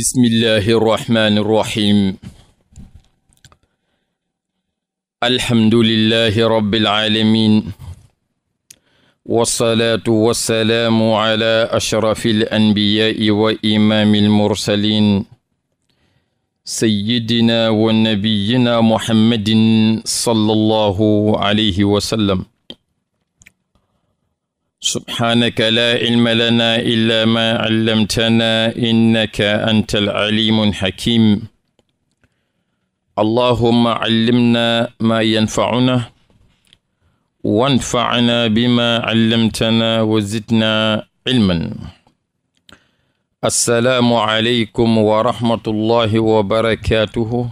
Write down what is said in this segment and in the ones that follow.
bismillahi irrahmani irrahim alhamdulillahi rabbil alamin wasalaatu wasalaamu ala ashrafi alanbiyaai wa imaami almursalin sayidina wa nabiyina muhammadin sallallahu alayhi wa sallam subhaanaka laa ilma lanaa illaa maa allamtanaa innaka anta al-aliimu al-hakiim allahumma allimnaa maa yanfa'unaa wanfa'naa bimaa allamtanaa wa zidnaa ilman assalaamu aleykum wa rahmatullaahi wa barakaatuhu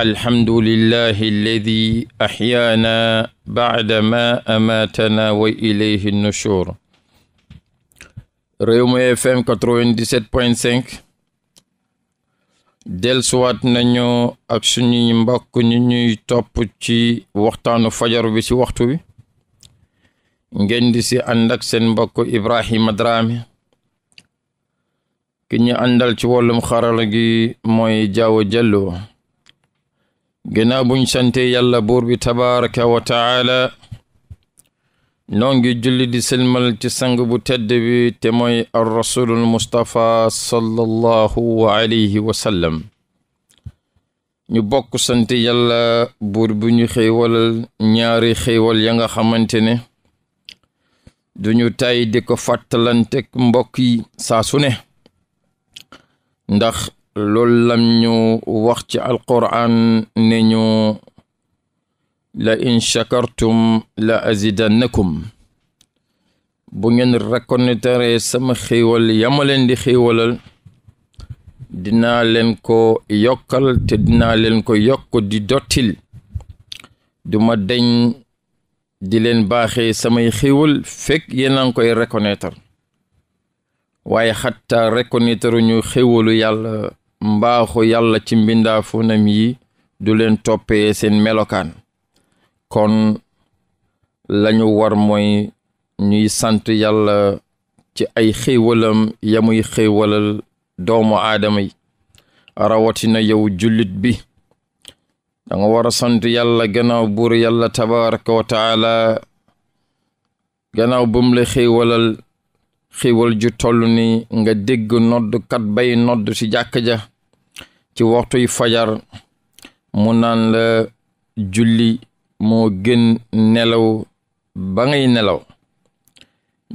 alhamdulillahi alladi axyaana baada ma amaatana wa ilayhi nushur Rewmi FM 97.5 delsuwaat nañu ak suñuy mbokk ñu ñuy topp ci waxtaanu fajar bi ci waxtu wi ngeen di si ànd ak seen mbokku Ibrahima Drame ki ñu àndal ci wollum xarala gi mooy jaawo jàlloo ginnaaw buñ sante yàlla buur bi tabaraka wa taala noo ngi julli di selmal ci sang bu tedd bi te mooy ar rasulul mustapha sallallahu alayhi wa sallam ñu bokk sant yàlla buur bu ñu xéewalal ñaari xéewal ya nga xamante ne duñu tay di ko fàttalante mbokk yi saa ndax loolu lam ñu wax ci alquran ne ñu la in shakartum la azidannakum bu ngeen reconnaître sama xéewal yama leen di xéewalal dinaa leen ko yokkal te dinaa leen ko yokk di dottil duma deñ di leen baaxe samay xéewal fek yéen a ngi koy reconnaître waaye ñu xéewalu yàlla mbaaxu yàlla ci mbindaafunam yi du leen toppee seen melokaan kon lañu war mooy ñuy sant yàlla ci ay xéewalam yamuy xéewalal doomu aadama yi rawatina yow jullit bi da nga war a sant yàlla gannaaw buur yàlla tabaraka wa taala gannaaw bam la xéwal ju toll ni nga dégg noddkat bay nodd ci jàkka ja ci waxtuy fajar mu naan la julli moo gën nelaw ba ngay nelaw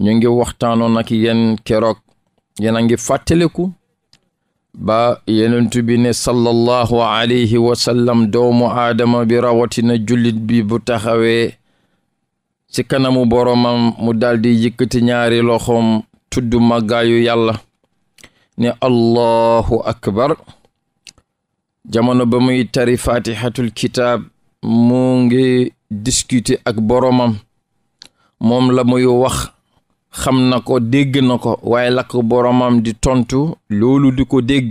ñu ngi waxtaanoon ak yéen keroog yéen a ngi fàttaliku ba yenentu bi ne sallallahu alayhi wa doomu aadama bi rawatina jullit bi bu taxawee ci kanamu boromam mu daldi yëkkati ñaari loxoom tudd màggaayu yàlla ne allahu akbar jamono ba muy tari fatihatul kitaab mu ngi discuter ak boromam moom la muy wax xam na ko dégg na ko waaye la ko boromam di tontu loolu di ko dégg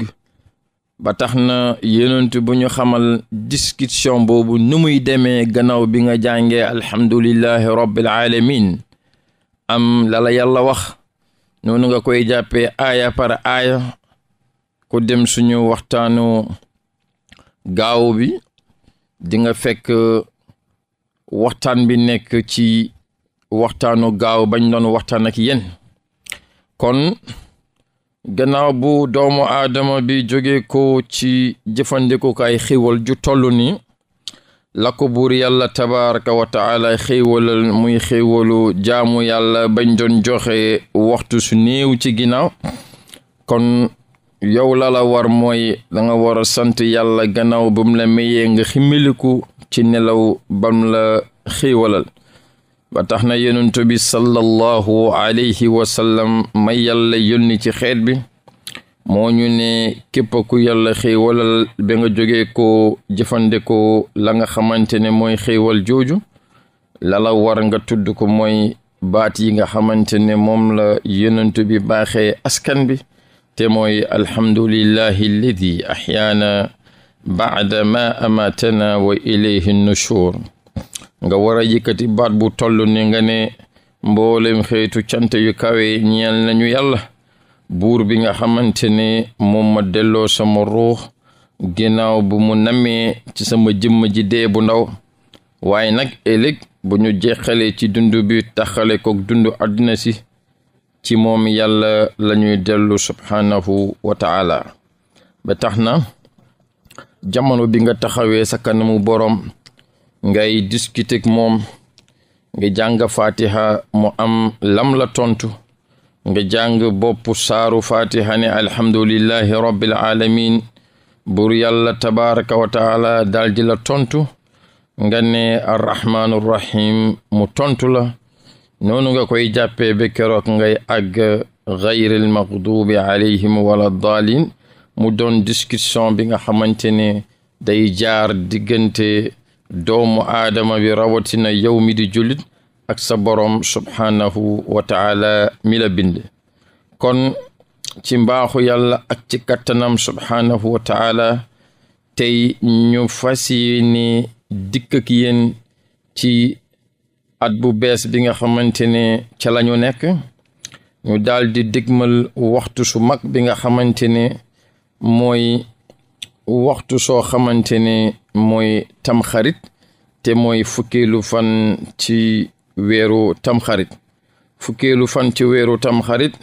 ba tax na yenent bu ñu xamal discussion boobu nu muy demee gannaaw bi nga jàngee alhamdulillahi rabbil alamin am lala yàlla wax noonu nga koy jàppee aaya par aaya ku dem suñu waxtaanu gaaw bi dinga fekk waxtaan bi nekk ci waxtaanu gaaw bañ noon waxtaan ak yéen kon gannaaw bu doomu aadama bi jóge ko ci jëfandikukaay xiwal ju toll ni lakko buur yàlla tabaraka wa taala xéewalal muy xéewalu jaamu yàlla bañ doon joxe waxtu su néew ci ginaaw kon yow lala war mooy danga war a sant yàlla gannaaw ba mu la mayee nga ximiliku ci nelaw bam la xéewalal ba tax na yonent bi sallallahu alayhi wa sallam may ci xeet bi moo ñu ne képp ku yàlla xéewalal ba nga jógee ko jëfandikoo la nga xamante ne mooy xéewal jooju lala war nga tudd ko mooy baat yi nga xamante ne moom la yenentu bi baaxee askan bi te mooy alhamdulillahi alladi axyaana baada ma amatana wa ilayhi nushur nga war a baat bu toll ni nga ne mboolem xeetu cant yu kawe ñeel nañu yàlla buur bi nga xamante ne moom ma delloo sama ruux ginnaaw bu mu namee ci sama jëmm ji dee bu ndaw waaye nag ëllëg bu ñu jeexalee ci dund bi taxale kook dundu àddina si ci moom yàlla lañuy dellu subhaanahu wa ba tax na jamono bi nga taxawee sa kanamu boroom ngay discuter moom nga jàng faatiha mu am lam la tontu nga jàng boppu saaru fatiha ne alhamdulillahi rabbil alamin buur yàlla tabaraka wa daldi la tontu nga ne arrahmaanu mu tontu la noonu nga koy jàppee ba keroog ngay àgg gayril maxdubi alayhim wala daalin mu doon discussion bi nga xamante ne day jaar diggante doomu aadama bi rawatina yow mi di jullit ak sa boroom subhaanahu wa taala mi bind kon ci mbaaxu yàlla ak ci kattanam subhaanahu wa tey ñu fas yéene dikk ak ci at bu bees bi nga xamante ne ca la nekk ñu daldi di digmal waxtu su mag bi nga xamante ne mooy waxtu soo xamante ne mooy tamxarit te mooy fukkeelu fan ci weeru tamxarit fukkeelu fan ci weeru tamxarit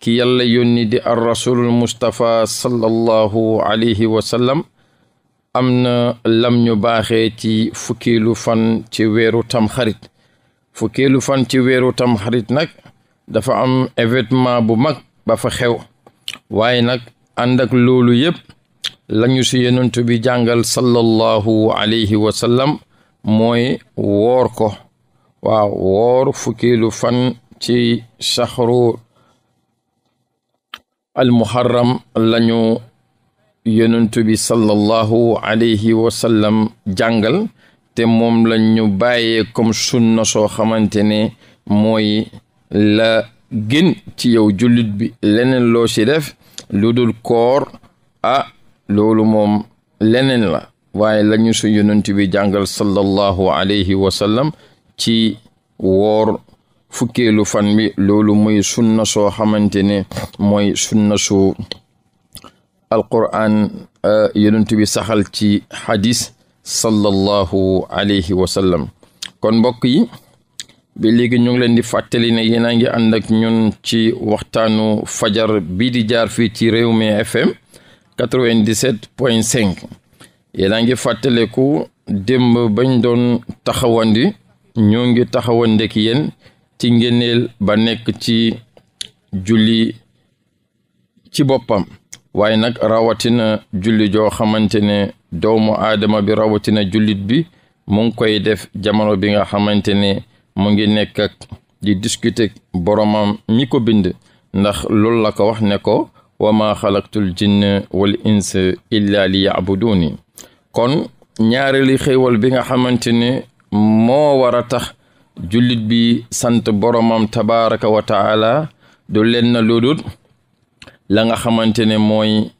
ki yàlla yónni di ar rasulul mustapha sallallahu alayhi wa sallam am na lam ñu baaxee ci fukkeelu fan ci weeru tamxarit fukkeelu fan ci weeru tamxarit nag dafa am événement bu mag bafa xew waaye nag ànd ak loolu yépp ñu si yonent bi jàngal sallallahu alayhi wa mooy woor ko waaw woor fukkeelu fan ci saxru almuharram lañu yonentu bi sallallahu alayhi wa sallam jàngal te moom la ñu bàyyee comme sunna soo xamante ne mooy la gën ci yow jullit bi leneen ci def lu dul koor a loolu moom leneen la waaye la ñu su yonent bi jàngal sallallahu alayhi wa ci woor fukkeelu fan bi loolu mooy sunna soo xamante ne mooy sunna su alquran eh, yonent saxal ci xadis sallallahu alayhi wa kon mbokk yi ba léegi ñu ngi leen di fàttali ne yéen a ngi ànd ñun ci waxtaanu fajar bii di jaar fii ci Rewmi FM 97.5 yéen a ngi fàttaleku démb bañ doon taxawandi ñoo ngi taxawoon ndek yéen ci ngénneel ba nekk ci julli ci boppam waaye nag rawatina julli joo xamante ne doomu aadama bi rawatina jullit bi mu ngi koy def jamono bi nga xamante ne mu ngi nekk ak di discuter boromam mi ko bind ndax loolu la ko wax ne ko wa ma xalaqtul jinna wal insa illa li yaabuduni kon ñaareelu xéewal bi nga xamante ne moo war a tax jullit bi sant boromam tabaraka wa taala du leen na lu dul la nga xamante ne mooy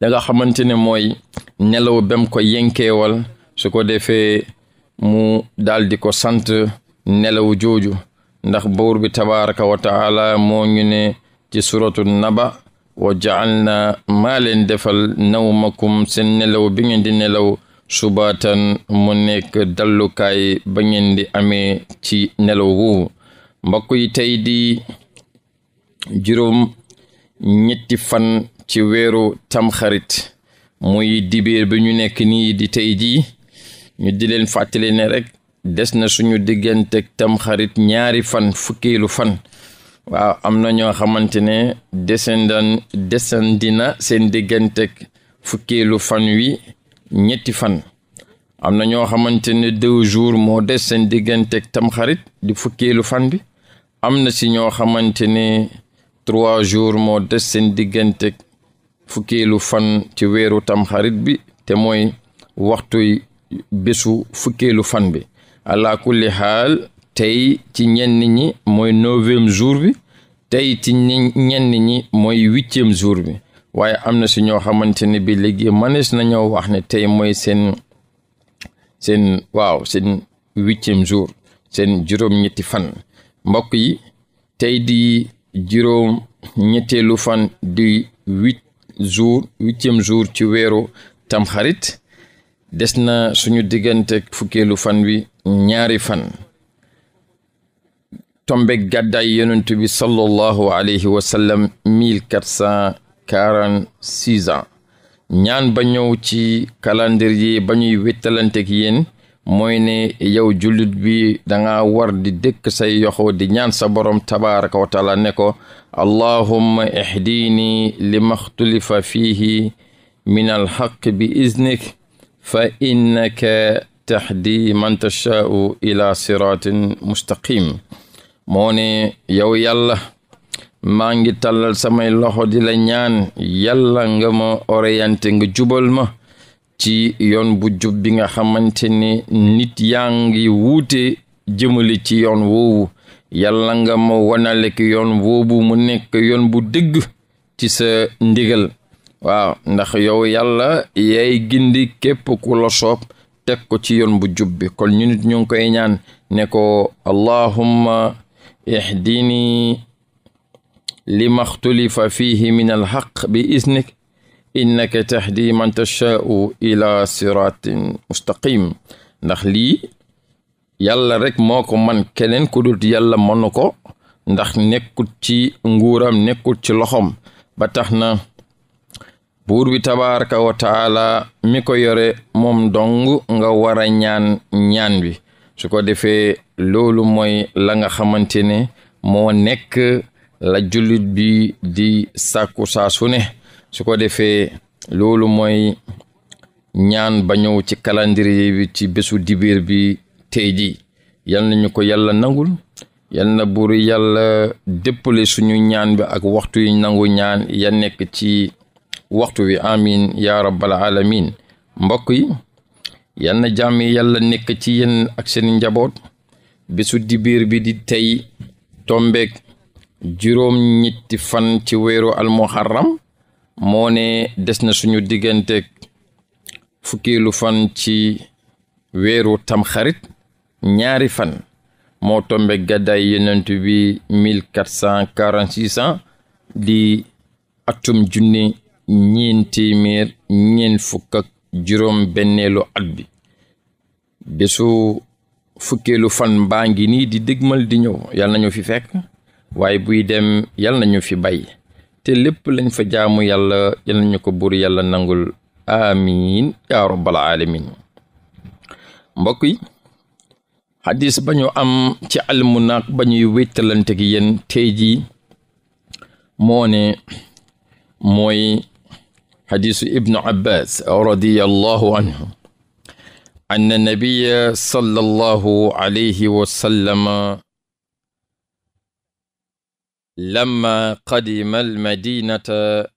ne mooy nelaw bem ko yenkeewal su ko defee mu daal ko sant nelaw jooju ndax buur bi tabaraka wa moo ñu ne ci suratu naba wa jaalna maa leen defal nawmakum seen nelaw bi nelaw subaatan mu nekk dallukaay ba ngeen di amee ci nelaw woowu mbokk yi tey di juróom ñetti fan ci weeru tamxarit muy dibeer bi ñu nekk nii di tey jii ñu di leen fàttali ne rek des na suñu diggante tamxarit ñaari fan fukkeelu fan waaw am na ñoo xamante ne desendan desendina seen digganteeg fukkeelu fan wi ñetti fan am na ñoo xamante ne deux jours moo des seen digganteeg tamxarit di fukkeelu fan bi am na si ñoo xamante ne trois jours moo des seen digganteeg fukkeelu fan ci weeru tamxarit bi te mooy waxtu bésu fukkeelu fan bi ala kulli xaal tey ci ñenn ñi mooy neuvième jour bi tey ci ñenn ñi mooy huitième jour bi waaye am na si ñoo xamante ne bi léegi mënees nañoo wax ne tey mooy seen seen waaw seen huitième jour seen juróom-ñetti fan mbokk yi tey di juróom-ñetteelu fan di huit jour huitième ci weeru tamxarit des na suñu diggante fukkeelu fan wi ñaari fan tombe gàddaay yonent bi sallallahu alayhi wa sallam mille quatre quarante-six ñaan ba ñëw ci calendrier ba bañuy wéttalanteeg yéen mooy ne yow jullit bi danga war di dëkk say yoxo di ñaan sa borom tabaraka wa ne ko allahumma ihdini li maxtulifa fiihi min alxaq bi iznik fa innaka tahdi man tashaau ila siratin mustaqim moo ne yow yàlla maa ngi tàllal samay loxo di la ñaan yàlla nga ma orienté nga jubal ma ci yoon bu jub bi nga xamante ni nit yaa ngi wuute jëmale ci yoon woowu yàlla nga ma wanale ki yoon woobu mu nekk yoon bu dëgg ci sa ndigal waaw ndax yow yàlla yaay gindi képp ku la soob teg ko ci yoon bu jub bi kon ñu nit ñu ngi ñaan ne ko allahumma ihdini lii xtulifa fiihi min alxaq bi isnik innaka tahdi man tachaau ila siratin mustaqim ndax lii yàlla rekk moo ko man keneen ku dul yàlla mënu ko ndax nekkut ci nguuram nekkut ci loxom ba tax na buur bi tabaraka mi ko yore moom dong nga wara ñaan ñaan wi su ko defee loolu mooy la nga xamante ne moo nekk la jullit bi di sàkku saa su ne su ko defee loolu mooy ñaan ba ñëw ci kalandiri bi ci bésu dibir bi tey ji yal nañu ko yàlla nangul yal na buur yàlla déppale suñu ñaan bi ak waxtu nangu ñaan ya nekk ci waxtu wi amin ya rabbal alamin mbokk yi yal na jàmm yàlla nekk ci yéen ak seen njaboot bésu dibir bi di tey tombek juróom ñetti fan ci weeru almuharram moone des na suñu digganteeg fukkeelu fan ci weeru tamxarit ñaari fan moo tombe gàddaay yonent bi 1446 di atum junni ñeen téeméer ñeen fukk ak juróom benneelu at bi fukkeelu fan baa ngi nii di dégmal di ñëw yàlla nañu fi fekk waay buy dem yal nañu fi bay te lépp lañ fa jaamu yàlla yal nañu ko buur yàlla nangul amiin rabbal alamin mbokk yi xadis ba am ci almunaak ba ñuy wéttalante gi yéen tey jii moo ne mooy xadisu ibnu abbas radiallahu anna nabiya sallallahu alayhi wa lamma qadima almadinata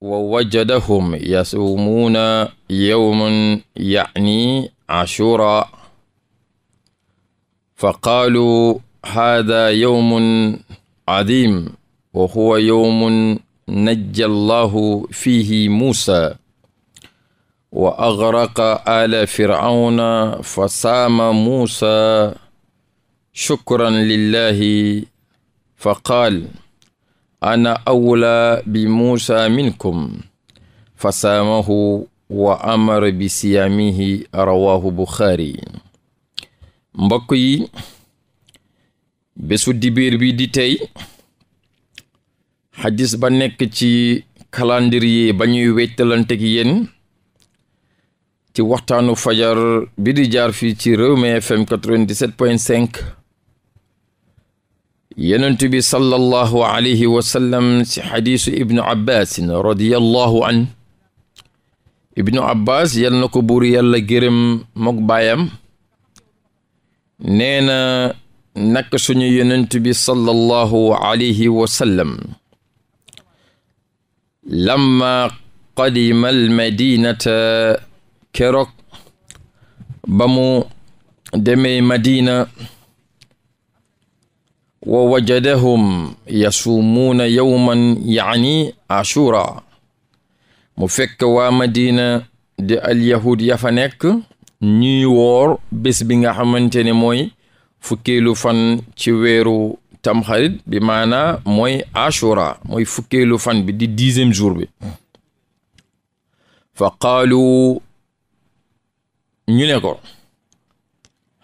wa wajadahum yasuumuuna yowman yani ashura fa qaaluu haada yowmun adim wa huwa yowmun najja allahu fihi muusa wa aghraqa ala fircauna fa saama muusa shukran lillahi fa qaal ana awla bi muusa minkum fa saamahu wa amara bi siyaamihi rawahu buxaari mbokk yi bésu dibiir bi di tey xadis ba nekk ci calendrier ba ñuy wéttalantek yéen ci waxtaanu fajar bi di jaar fii ci Rewmi FM 97.5 yenentu bi sallallahu alayhi wa sallam ci xadiisu ibnu abbasin radiallahu an ibnu abbas yal na ko buur yàlla gërëm mook baayam nee na nak suñu yenentu bi sallallahu alayhi wa sallam lamma qadima almadinata keroog ba mu demee madina wa wajadahum yasuumuuna yowman yaani ashura mu fekk waa madina di alyahud ya fa nekk ñuy woor bés bi nga xamante ne mooy fukkeelu fan ci weeru tamxarit bi maanaa mooy ashura mooy fukkeelu fan bi di dixième jour bi fa qaalu ñu ne ko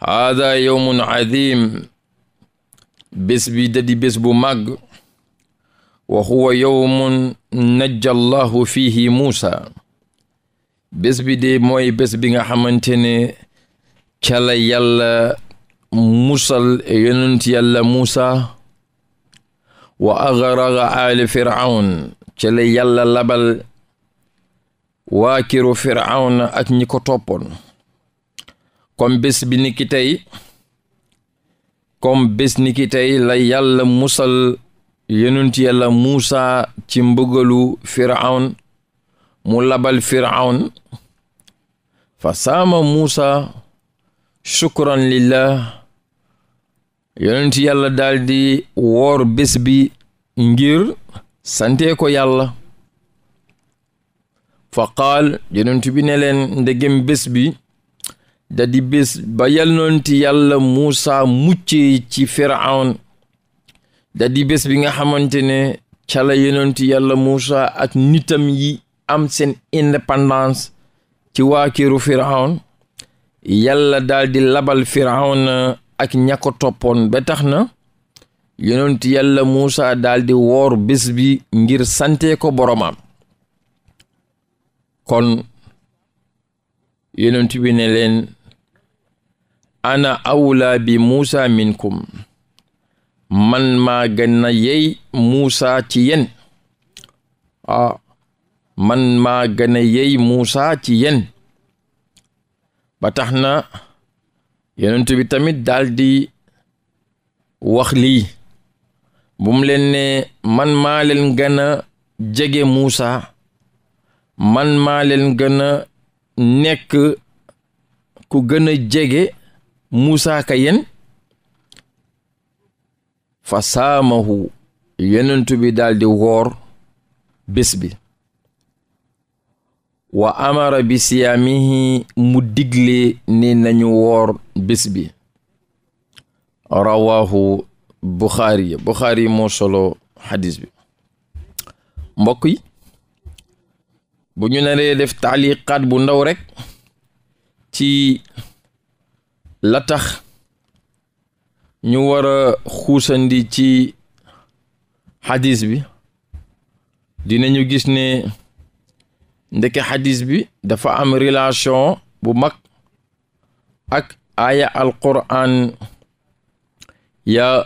haada yowmun adim bés bi dadi bés bu màgg wa huwa yowmun najja allahu fihi muusa bés bi de mooy bés bi nga xamante ne ca la yàlla musal yonent yàlla muusa wa agaraga aali firawn ca la yàlla labal waakiru firawna ak ñi ko toppoon comme bés bi kom bés ni ki la yàlla musal yonent yàlla Muusa ci mbugalu firawn mu labal firawn fa saama muusaa shukran lillah yonent yàlla daldi woor bés bi ngir sante ko yàlla fa qaal yonent bi ne leen ndegem bi da di bés ba yalnoonti yàlla Muusaa muccee ci Firawn da di bés bi nga xamante ne cala yonenti yàlla Muusaa ak nitam yi am sen indépendance ci waa kiiru Firawn yàlla labal Firawn ak ña toppoon ba tax na yonenti yalla Muusaa daldi di woor bés bi ngir sante ko boroomam kon yonent bi ne leen ana awlaa bi muusa minkum man maa gën a yey muusa ci yen ah man maa gën a yey muusa ci yen ba tax na yonent bi tamit daldi wax lii bu leen ne man maa leen gën a jege muusa man maa leen gën a nekk ku gën a jege Muusaa ka yen fa saamahu yonent bi daldi woor bés wa amara bi siyaamihi mu digle ne nañu woor bés bi rawahu buxaari buxaari moo solo xadis bi mbokk yi bu ñu def taaliqaat bu ndaw rekk ci la tax ñu wara a xuusandi ci xadis bi dinañu gis ne ndeke xadis bi dafa am relation bu mag ak aaya alquran ya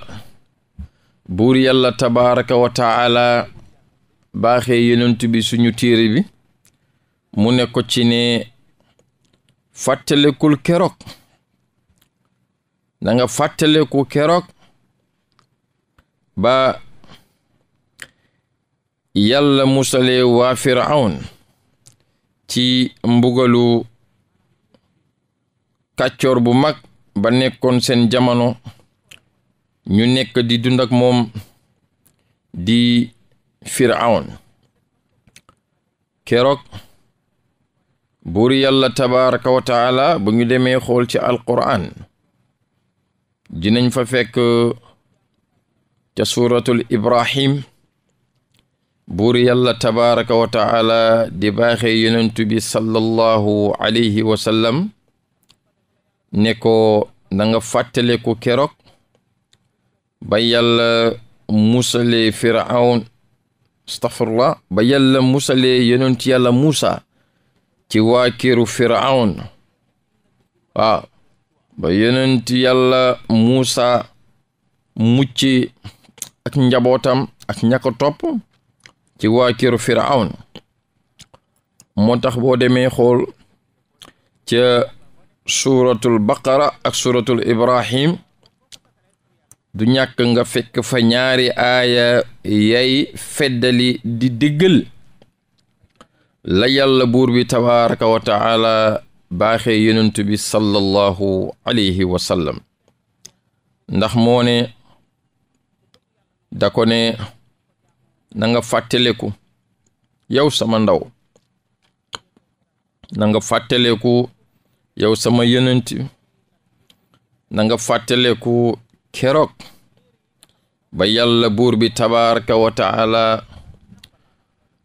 buur yàlla tabaraka wa taala baaxee bi suñu téere bi mu ne ko ci ne fàttalikul keroog na nga keroog ba yàlla musale waa firawn ci mbugalu kàccoor bu mag ba nekkoon seen jamono ñu nekk di dund ak moom di firawn keroog buur yàlla tabaraka wa taala ñu demee xool ci alquran dinañ fa fekk ca suuratul ibrahim buur yàlla tabaraka wa di baaxe yonentu bi sallallahu alayhi wa ne ko na nga fàttaleku keroog ba yàlla musalee firawn astafirullah ba yàlla musalee yonentu yàlla muusa ci waa këru firawn ba yonent yàlla Muusa mucc ak njabootam ak ña topp ci waa këru moo tax boo demee xool ca suuratul baqara ak suuratul ibrahim du ñàkk nga fekk fa ñaari aaya yay feddali di dëggal la yàlla buur bi tabaraka baaxee yonent bi sallallahu alayhi wa ndax moone ne da ko ne na yow sama ndaw na nga fàttaleku yow sama yonent na nga fàttaleku keroog ba yàlla buur bi tabaraka wa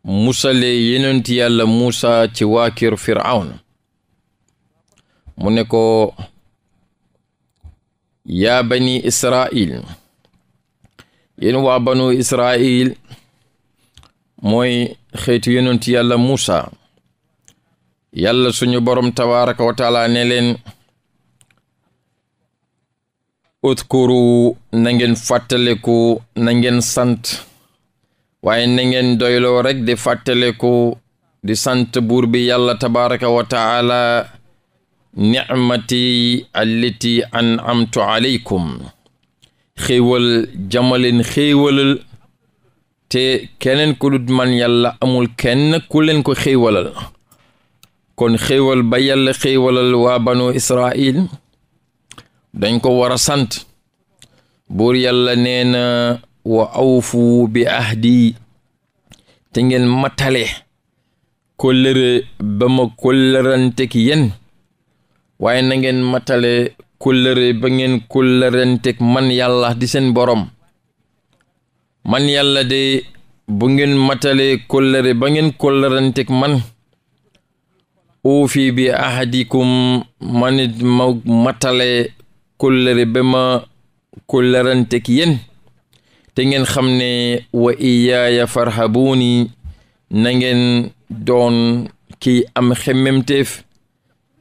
musale yonent yàlla Muusa ci waa kër Firawna mu ne ko yaa bani israil yéen waa banu israil mooy xeetu yonent yàlla muusa yàlla suñu borom tabaraka wa taala ne leen utkuru na ngeen fàttaleku na ngeen sant waaye na ngeen doyloo rek di fàttaleku di sant buur bi yàlla tabaraka wa nicmati allati an amtu aleykum xéewal jamaleen xéewalal te keneen ku man yàlla amul kenn ku leen ko xéewalal kon xéewal ba yàlla xéewalal waa banu israil dañ ko war a sant buur yàlla nee na wa awfu bi ahdi te ngeen matale kóllëre ba ma kóllërante ki yen waaye na ngeen matale kullëre ba ngeen kullërenteeg man yàlla di seen borom man yàlla de bu ngeen matale kullëre ba ngeen kullërenteeg man uufi bi ahadikum manit ma matale kullëre ba ma kullërenteeg yéen te ngeen xam ne wa iyaaya farhabuuni na ngeen doon ki am xemmemteef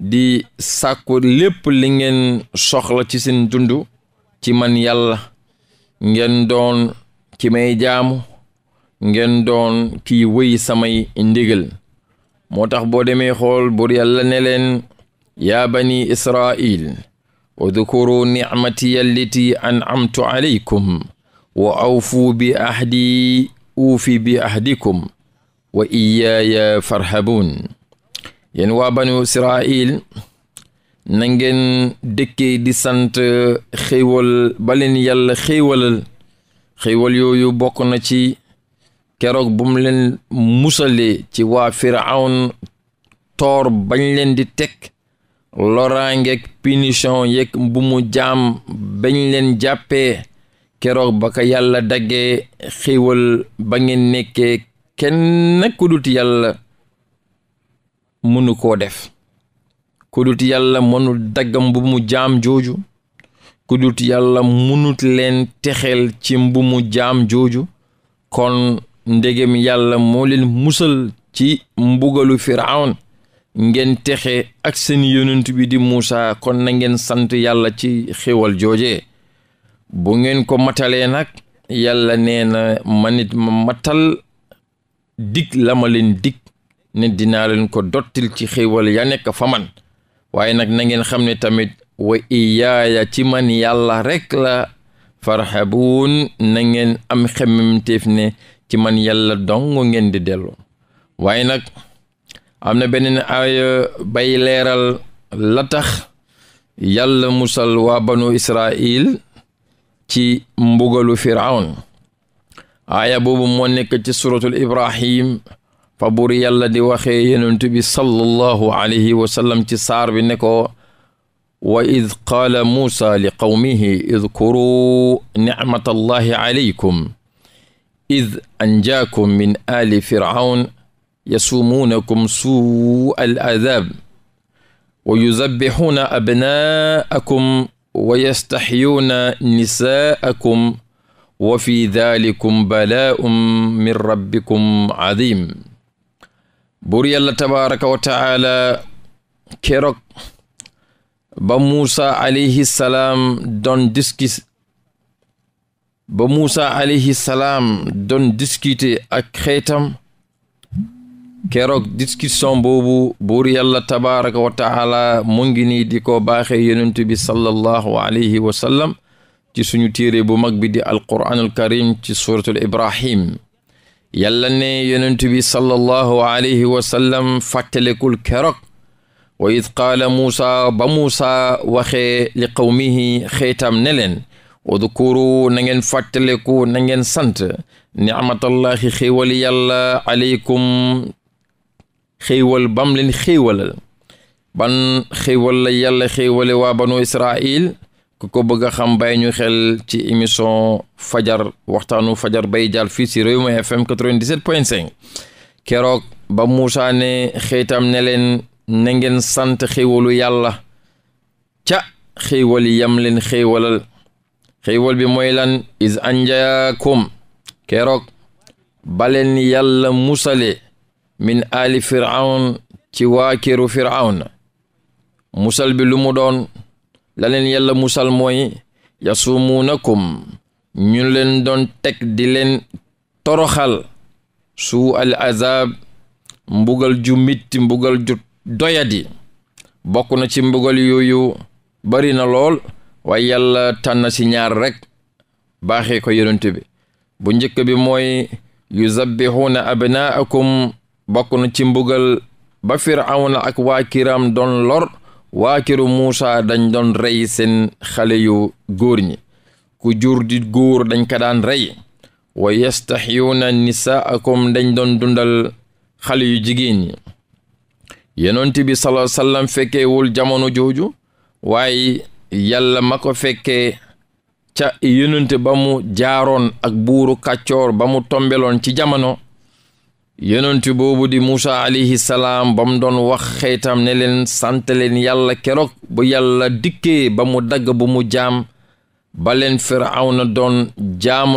di sàkku lépp li ngeen soxla ci seen dund ci man yàlla ngeen doon ki may jaamu ngeen doon kiy way samay ndigal moo tax boo demee xool bur yàlla ne leen yaa bani israil udkuru nicmati allati an'amtu alaykum wa awfuu bi ahdi uufi bi ahdikum wa iyaaya farhabuun yéen waa banu israil na ngeen dëkkee di sant xéewal ba leen yàlla xéewalal xéewal yooyu bokk na ci keroog bum mu leen musalee ci waa firawn toor bañ leen di tek loraangeeg punition yeeg bu mu jaam bañ leen jàppee keroog ba ka yàlla daggee xéewal ba ngeen nekkee kenn ku dut yàlla mënu koo def ku dut yàlla mënul dagg mbuumu jaam jooju ku dut yàlla mënut leen texel ci mbuumu jaam jooju kon ndegem yàlla moo leen musal ci mbugalu firawn ngeen texe ak seen yonent bi di Muusa kon nangeen sant yàlla ci xéwal jooje bu ngeen ko matalee nag yàlla neena manit ma matal dig la ma ne dinaa leen ko dottil ci xéewal ya nekk faman man waaye nag na xam ne tamit wa iyaaya ci man yàlla rekk la farhabuun na ngeen am xemmemteef ne ci man yàlla dong ngeen di delloo waaye nag am na beneen aaya bay leeral la tax yàlla musal waa banu israil ci mbugalu firawn aaya boobu moo nekk ci suratul ibrahim fa buur yàlla di waxee yonent bi sallallahu alayhi wa sallam ci saar bi ne ko wa id qaala muusa li qawmihi idkuruu nicmatallahi alaykum id anjaakum min aali firawn yasuumuunakum suu al adaab wa yuzabbixuuna abnaakum wa yastaxyuuna nisaakum wa fi daalikum balaaun min rabbikum cadiim buur yàlla tabaraka wa taala keroog ba muusa alayhi salaam diskis ba muusa alayhi salaam doon discuter ak xeetam keroog discussion boobu buur yàlla tabaraka wa taala mu ngi nii di ko baaxe yonent bi sallallahu alayhi wa ci suñu téere bu mag bi di alquranul karim ci suratul ibrahim yàlla ne yonent bi sallallahu alayhi wa sallam fàttalekul keroog wa id qaala muusa ba muusa waxee li qawmihi xeetam ne leen udkuru na ngeen fàttaleku na ngeen sant nicmatallahi xéewal yàlla aleykum xéewal bam leen xéewalal ban xéewal la yàlla xéewale waa banu israil ku ko bëgg a xam bàyyi ñu xel ci émission fajar waxtaanu fajar bay jàll fii si Rewmi FM 97.5 keroog ba Moussa ne xeetam ne leen na ngeen sant xéewalu yàlla ca xéewal yam leen xéewalal xéewal bi mooy lan is anjaakum keroog baleen yàlla musale min ali firawn ci waakiru firawn musal bi lu doon la leen yàlla musal mooy yasumuunakum ñu leen doon teg di leen toroxal su al mbugal ju mitti mbugal ju doyadi bokk na ci mbugal yooyu bari na lool waaye yàlla tànn ci ñaar rekk baaxee ko yonent bi bu njëkk bi mooy yuzabbixuuna abnaakum bokk na ci mbugal ba firawna ak waakiram doon lor waa këru Muusa dañ doon rey seen xale yu góor ñi ku jur di góor dañ ko daan rey wa yastaxiyuuna nisaakum dañ doon dundal xale yu jigéen ñi yonent bi sallallahu alayhi wasallam fekkeewul jamono jooju waaye yàlla ma ko fekkee ca yonent ba mu jaaroon ak buuru kàccoor ba mu tombeloon ci jamono yonent boobu di Muusa alayhi salaam ba mu doon wax xeytam ne leen sant leen yàlla keroog bu yàlla dikkee ba mu dagg bu mu jaam ba leen Firawna doon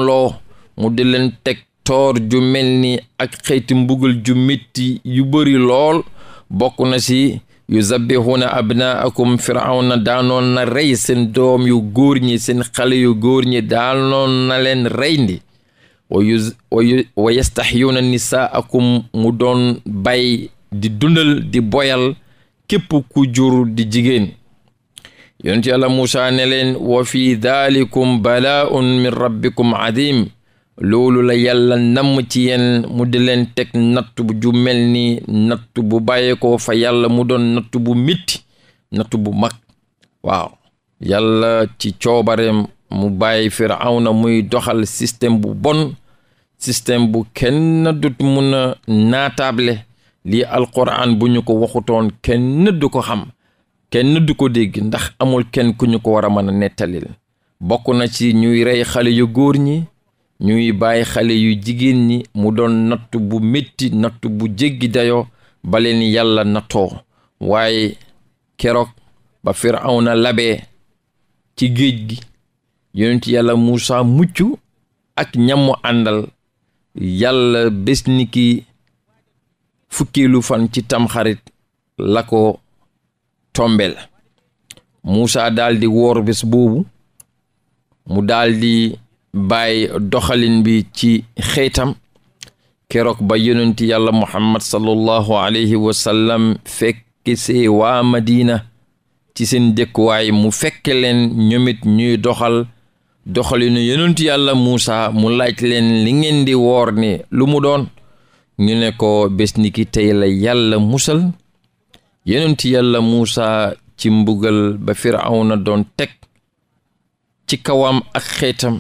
loo mu di leen teg toor ju mel ni ak xeyti mbugul ju metti yu bari lool bokk na ci yu zabbixuuna abnaakum firawna daanoon na rey seen doom yu góor ñi seen xale yu góor ñi daanoon na leen reyndi wa yastaxyuuna nisaakum mu doon bay di dundal di boyal képp ku jur di jigéen yonent yàlla Muusa ne leen wa fi daalikum balaaun min rabbikum adim loolu la yàlla namm ci yeen mu di leen teg natt bu ju ni natt bu bàyyeekoo fa yàlla mu doon nattu bu mitti nattu bu mag waaw yàlla ci coobareem mu bàyyi firawna muy doxal système bu bon système bu kenn dut mun a naataable lii alquran bu ñu ko waxutoon kenn du ko xam kenn du ko dégg ndax amul kenn ku ñu ko war a mën a nettalil bokk na ci ñuy rey xale yu góor ñi ñuy bàyyi xale yu jigéen ñi mu doon natt bu métti natt bu jéggi dayoo baleen yàlla nattoo waaye keroog ba firawna labe ci géej gi yonent yàlla Muusa mucc ak ñamu àndal yàlla bés ni ki fan ci tamxarit la ko tombel Muusa daldi woor bés boobu mu daldi bàyyi doxalin bi ci xeetam keroog ba yonent yàlla muhammad sallallahu alayhi wa sallam fekk see waa ci seen dëkkuwaay mu fekk leen ñoomit ñuy doxal doxalinu yonent yàlla Muusa mu laaj leen li ngeen di woor ni lu mu doon ñu ne ko bés ni ki la yàlla musal yonent yàlla Muusa ci mbugal ba Firawna doon teg ci kawam ak xeetam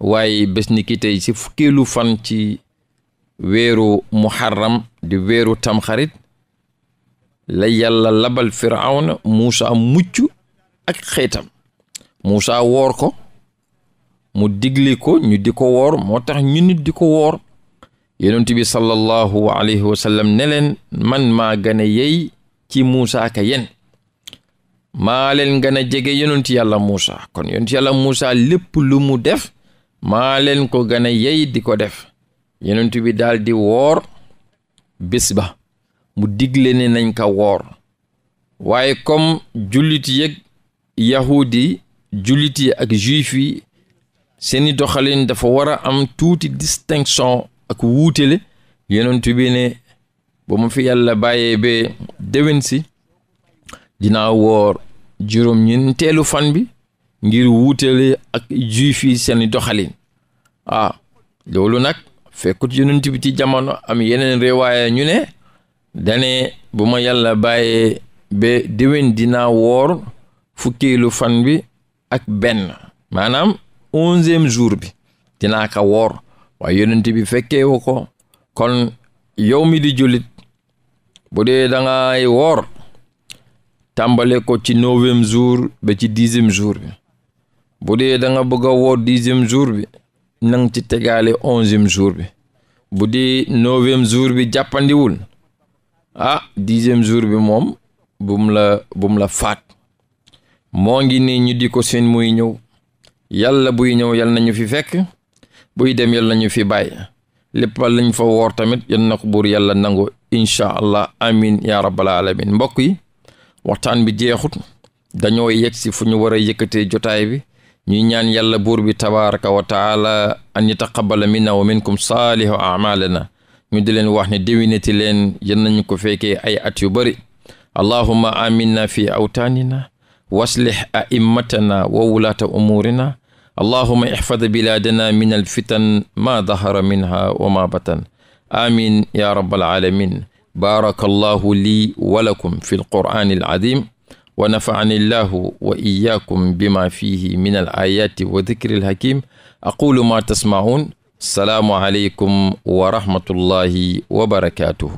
waaye bés ni ki tey ci fukkeelu fan ci weeru muharram di weeru tamxarit la yàlla labal Firawna Muusa mucc ak xeetam Muusa woor ko mu digle ko ñu di ko woor moo tax ñu nit di ko woor yonent bi sallallahu alayhi wa sallam ne leen man maa gën yey ci Muusa ka yen maa leen gën a jege yonent yàlla Muusa kon yonent yàlla Muusa lépp lu mu def maa leen ko gana a yey di ko def yonent bi daal di woor bés ba mu digle ne nañ ka woor waaye comme jullit yeeg yahudi jullit yi ak juif seeni doxalin dafa war a am tuuti distinction ak wuutele yonent bi ne ba ma fi yàlla bàyyee ba déwén si dinaa woor juróom ñeenteelu fan bi ngir wuutele ak juif seeni doxalin a ah, loolu nag fekkut yonent bi ci jamono am yeneen réewaaya ñu ne dane bu ma yàlla bàyyee ba déwén dinaa woor fukkeelu fan bi ak benn maanaam onzième jour bi dinaa ko woor waaye yonent bi fekkee wu ko kon yow mi di jullit bu dee da ngay woor tàmbale ko ci neuvième jour ba ci dixième jour bi bu dee da nga bëgg a woor dixième jour bi nang ci tegaale onzième jour bi bu dee neuvième jour bi jàppandiwul ah dixième jour bi moom bum la bum la faat moo ngi nii ñu di ko seen muy ñëw yàlla buy ñëw yal nañu fi fekk buy dem yal nañu fi bàyyi lépp lañ fa woor tamit yal na ko buur yàlla nangu incha allah amin ya rabbal alamin mbokk yi waxtaan bi jeexut dañoo yegg si fu ñu war a yëkkatee jotaay bi ñuy ñaan yàlla buur bi tabaraka wa taala an yataqabala minna wa minkum saalihu amalana ñu di leen wax ni déwénati leen yal nañu ko fekkee ay at yu bëri allahuma aminna fi awtaanina waslih a'immatana wa wulaata umuurina allahuma ixfad bilaadana min alfitan maa dahara minha wa ma batan amin ya rabbal alamin baaraka allahu lii wa lakum fi alqur'ani alazim wa nafa'ani allahu wa iyaakum bima fihi min alayati wa dikri alhakim aqulu ma tasma'un salaamu aleykum wa rahmatullahi wa barakatuhu